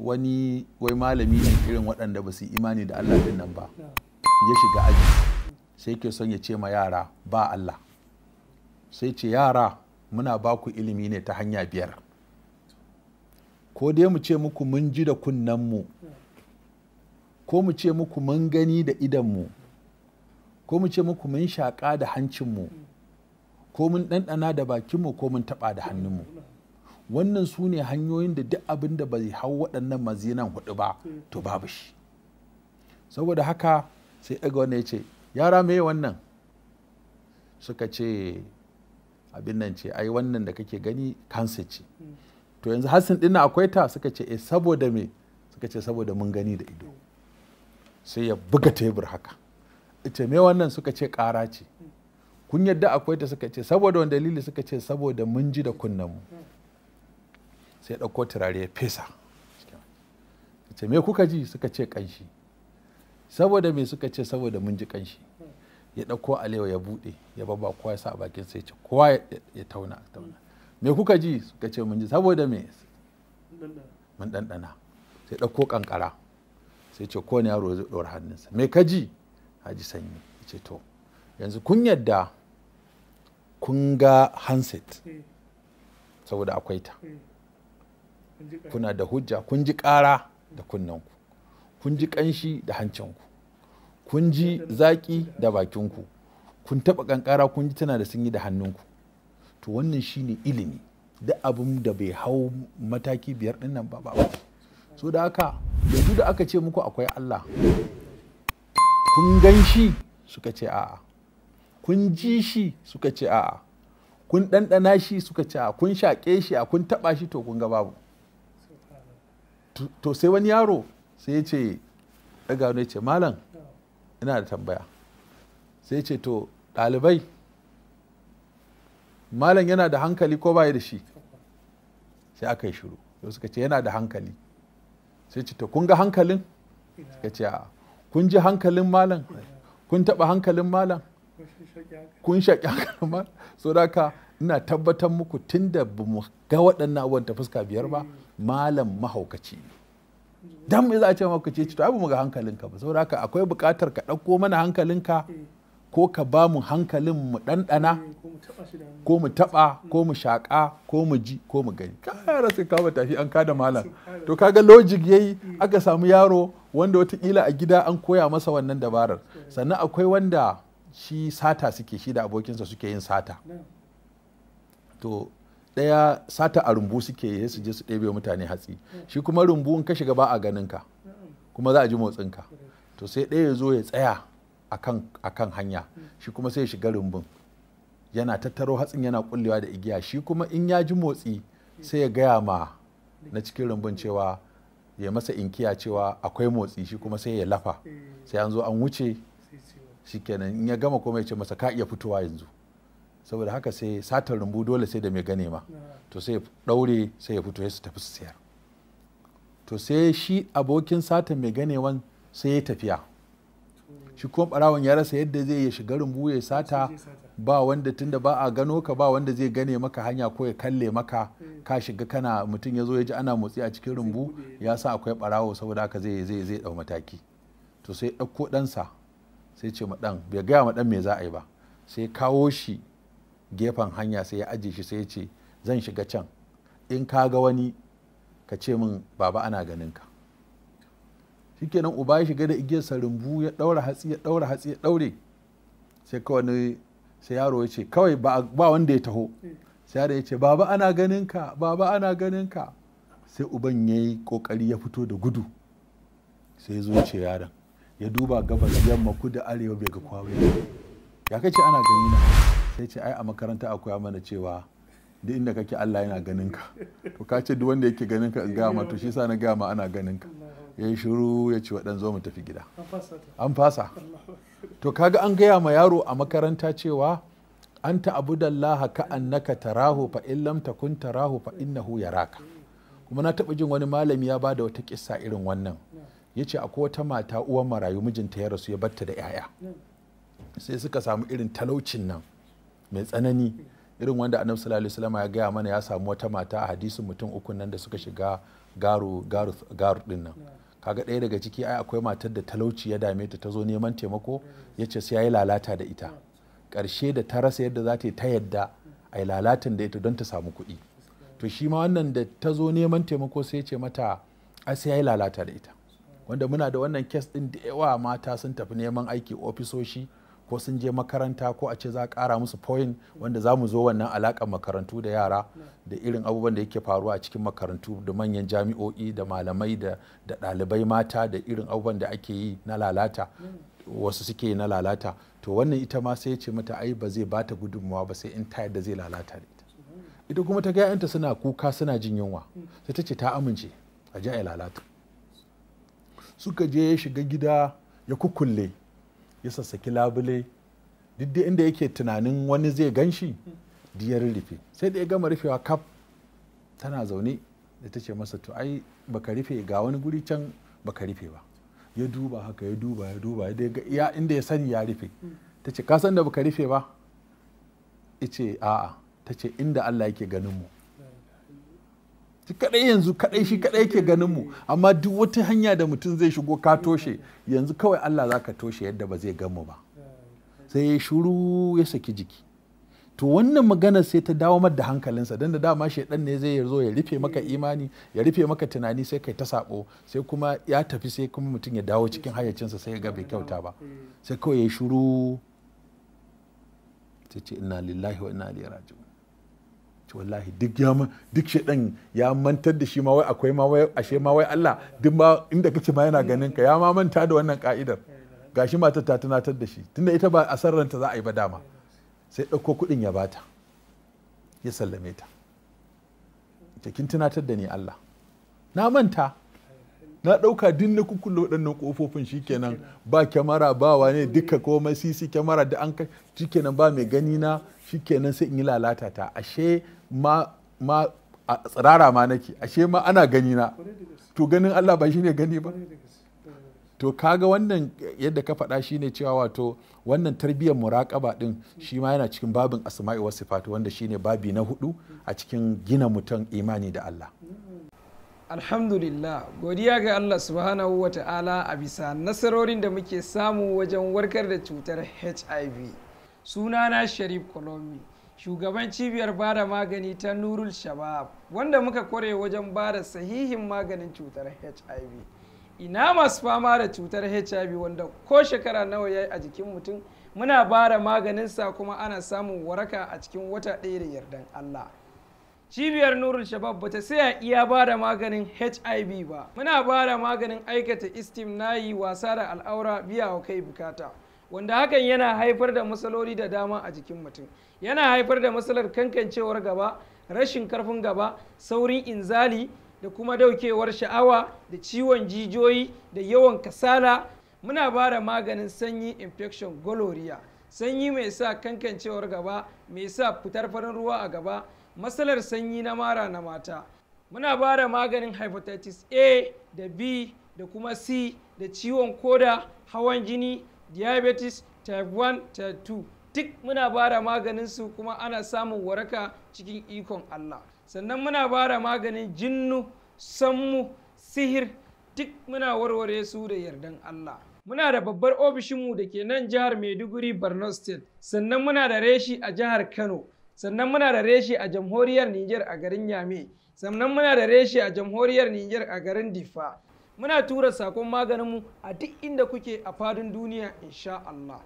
wani wai malami ne irin waɗanda ba su imani da Allah din nan ba ya shiga aji sai ke son ya ce ma yara ba Allah sai ce yara muna ba ku ilimi ne ta hanya biyar ko dai mu ce muku mun ji da mu ko mu ce muku mun gani da idanmu ko mu ce muku mun shaƙa da hancinmu ko mun ɗanɗana da bakinmu ko mun taɓa da hannunmu wannan su ne hanyoyin da duk abin da bai hau waɗannan mazinan hudu ba to babu shi saboda haka sai ɗaga wannan ya ce yara me wannan suka ce abin nan ce ai wannan da kake gani kansa ce to yanzu hassan ɗin akwai ta suka ce eh saboda me suka ce saboda mun gani da ido sai ya buga tebur haka ita me wannan suka ce ƙara ce kun yadda akwai ta suka ce saboda wani dalili suka ce saboda mun ji da kunnen mu sai ɗauko turare ya fesa ce me kuka ji suka ce kanshi saboda me suka ce saboda mun ji kanshi ya ɗauko alewa ya buɗe ya babba kowa ya sa a bakin sai ce kowa ya tauna tauna me kuka ji suka ce mun ji saboda me mun ɗanɗana sai ɗauko kankara sai ce kowane yaro zai ɗora hannunsa me ka ji haji sanyi ce to yanzu kun yadda kun ga handset eh. saboda akwai ta eh. kuna da hujja kun ji ƙara da kunnanku kun ji ƙanshi da hancinku kun ji zaƙi da bakinku kun taɓa ƙanƙara kun ji tana da sunyi da hannunku to wannan shi ne ilimi da abin da bai hau mataki biyar ɗin nan ba ba so da haka yanzu da aka ce muku akwai Allah kun gan shi suka ce a'a kun ji shi suka ce a'a kun ɗanɗana shi suka ce a'a kun shaƙe shi a kun taɓa shi to kun ga babu to sai wani yaro sai ya ce daga wani ce malam ina da tambaya sai ya ce to ɗalibai malam yana da hankali ko baya da shi sai aka yi shiru yau suka ce yana da hankali sai ce to kun ga hankalin suka ce a kun ji hankalin malam kun taɓa hankalin malam kun shaƙi hankalin malam so da ka. ina tabbatar muku tun da ba mu ga waɗannan abubuwan ta fuska biyar ba malam mahaukaci ne dan me za a ce mahaukaci ce to abu mu ga hankalinka ba saboda haka akwai bukatar ka ɗauko mana hankalinka eh. ko ka ba mu hankalin mu ɗanɗana eh, ko mu taɓa ko mu shaƙa ko mu ji ko mu gani kara sai kama tafi an kada malam to kaga logic yayi eh. aka samu yaro wanda watakila a gida an koya masa wannan dabarar sannan akwai wanda shi sata suke shi da abokinsa suke yin sata to ɗaya sata a rumbu suke yi su je su ɗebe mutane hatsi shi kuma rumbu in ka shiga ba a ganin ka kuma za a ji motsin ka to sai ɗaya ya zo ya tsaya a kan hanya shi kuma sai ya shiga rumbun yana tattaro hatsin yana kullewa da igiya shi kuma in ya ji motsi sai ya gaya ma na cikin rumbun cewa ya masa inkiya cewa akwai motsi shi kuma sai ya lafa sai an zo an wuce shikenan in ya gama komai ce masa ka iya fitowa yanzu saboda haka sai satar rumbu dole sai da mai gane ma to sai daure sai ya fito ya su tafi su sayar to sai shi abokin satar mai ganewan sai ya tafiya shi kuma barawan ya rasa yadda zai ya shiga rumbu ya sata ba wanda tunda ba a gano ka ba wanda zai gane maka hanya ko ya kalle maka hmm. ka shiga kana mutum ya zo ya ji ana motsi a cikin rumbu ya sa akwai barawo saboda haka zai zai zai dau mataki to sai ɗauko ɗansa sai ce ma ɗan bai gaya ma ɗan me za a yi ba sai kawo shi gefen hanya sai ya ajiye shi sai ya ce zan shiga can in ka ga wani ka ce min baba ana ganin ka shikenan uba ya shiga da igiyar sarimbu ya daura hatsi ya daura hatsi ya daure sai kawai sai yaro ya ce kawai ba wanda ya taho sai yaro ya ce baba ana ganin ka baba ana ganin ka sai uban ya yi kokari ya fito da gudu sai zo ce yaron ya duba gabas yamma kudu arewa bai ga kwawe ya kace ana ganina. na sai ce ai a makaranta akwai mana cewa duk inda kake Allah yana ganin ka to ka ce duk wanda yake ganin ka in ma to shi sa na ma ana ganin ka yayi shiru ya ce wadan zo mu tafi gida an fasa to kaga an gaya ma yaro a makaranta cewa an ta'budallaha ka annaka tarahu fa in lam takun tarahu fa innahu yaraka kuma na taɓa jin wani malami ya bada wata kissa irin wannan ya ce akwai wata mata uwan marayu mijinta ya rasu ya batta da 'ya'ya hmm. sai suka samu irin talaucin nan mai tsanani irin wanda annabi sallallahu alaihi ya gaya mana ya samu wata mata a hadisin mutum uku nan da suka shiga garu garu garu din nan kaga ɗaya daga ciki ai akwai matar da talauci ya dame ta ta zo neman taimako yace ce sai ya lalata da ita karshe da ta rasa yadda za ta ta yadda ai lalata lalatan da ita don ta samu kuɗi to shi ma wannan da ta zo neman taimako sai ce mata ai sai ya lalata da ita wanda muna da wannan kes ɗin da yawa mata sun tafi neman aiki ofisoshi ko sun je makaranta ko a ce za a kara musu point wanda za mu zo wannan alaƙar makarantu da yara da irin abubuwan da yake faruwa a cikin makarantu da manyan jami'o'i da malamai da ɗalibai mata da irin abubuwan da ake yi na lalata wasu suke na lalata to wannan ita ma sai yace ce mata ai ba zai bata gudunmawa ba sai in ta yadda zai lalata da ita ita kuma ta ga suna kuka suna jin yunwa sai ta ce ta amince a ji a lalata suka je ya shiga gida ya kukulle. ya sassaki labule duk da inda yake tunanin wani zai gan shi ya rufe sai da ya gama rufewa kaf tana zaune da ta ce masa to ai baka rufe ga wani guri can baka rufe ba ya duba haka ya duba ya duba ya inda ya sani ya rufe ta ce kasan da baka rufe ba ice a'a ta ce inda Allah yake ganin mu shi kadai yanzu kadai shi kadai yake ganin mu amma duk wata hanya da mutum zai shigo ka toshe yanzu kawai Allah zaka toshe yadda ba zai gan mu ba sai ya shuru ya saki jiki to wannan magana sai ta dawo mar da hankalinsa don da dama shaidan ne zai zo ya rufe maka imani ya rufe maka tunani sai kai ta sabo sai kuma ya tafi sai kuma mutum ya dawo cikin hayyacinsa sai ya ga bai kyauta ba sai kawai ya shuru ta ce inna lillahi wa inna ilaihi raji'un wallahi duk ya duk shedan ya mantar da shi ma akwai ma wai ashe ma wai Allah duk ma inda kake ma yana ganin ka ya ma manta da wannan ka'idar gashi matar ta tunatar da shi tunda ita ba asarranta za a yi ba dama sai ɗauko kuɗin ya bata ya sallame ta ta kin tunatar da ni Allah na manta na ɗauka duk na kukkulle waɗannan ƙofofin shikenan ba kyamara ba wane duka komai sisi kyamara da an kai shikenan ba mai gani na shikenan sai in yi lalata ta ashe ma ma a tsirara ma nake ashe ma ana gani na to ganin Allah ba shine gani ba to kaga wannan yadda ka faɗa shine cewa wato wannan tarbiyyar muraƙaba din shi ma yana cikin babin asma'i wa sifatu wanda shine babi na hudu a cikin gina mutum imani da Allah alhamdulillah godiya ga Allah subhanahu wa ta'ala a bisa nasarorin da muke samu wajen warkar da cutar HIV sunana Sharif Kolomi shugaban cibiyar bada magani ta nurul shabab wanda muka kware wajen bada sahihin maganin cutar hiv ina masu fama da cutar hiv wanda ko shekara nawa ya yi a jikin mutum muna bada maganinsa kuma ana samun waraka a cikin wata ɗaya da yardan allah cibiyar nurul shabab bata saya iya ba maganin hiv ba muna bada maganin aikata istim nayi wasa da al'aura biya wa kai bukata wanda hakan yana haifar da matsaloli da dama a jikin mutum yana haifar da matsalar kankancewar gaba rashin karfin gaba saurin inzali da kuma daukewar sha'awa da ciwon jijiyoyi da yawan kasala muna ba da maganin sanyi infection gonorrhea sanyi mai sa kankancewar gaba mai sa fitar farin ruwa a gaba matsalar sanyi na mara na mata muna ba da maganin hepatitis a da b da kuma c da ciwon koda hawan jini diabetes type 1 type 2 duk muna bara maganin su kuma ana samun waraka cikin ikon Allah sannan muna bara maganin jinnu sammu sihir duk muna warware su da yardan Allah muna da babbar ofishinmu da ke nan jihar Maiduguri Borno State sannan muna da reshi a jihar Kano sannan muna da reshi a jamhuriyar Niger a garin Yame sannan muna da reshi a jamhuriyar Niger a garin Difa muna tura sakon maganinmu a duk inda kuke a fadin duniya insha Allah